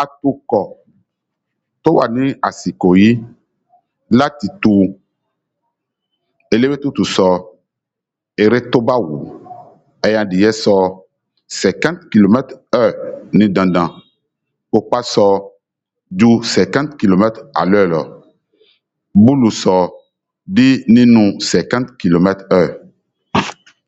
atukọ̀ tó wà ní àsìkò yìí láti tu u. Eléwétùtù sọ eré tó bá wù ú, ẹyẹ adìyẹ sọ cinquante kilomètre heure ní dandan, pupa sọ ju cinquante kilomètre à l'heure lọ, búlúù sọ dín nínú cinquante kilomètre heure.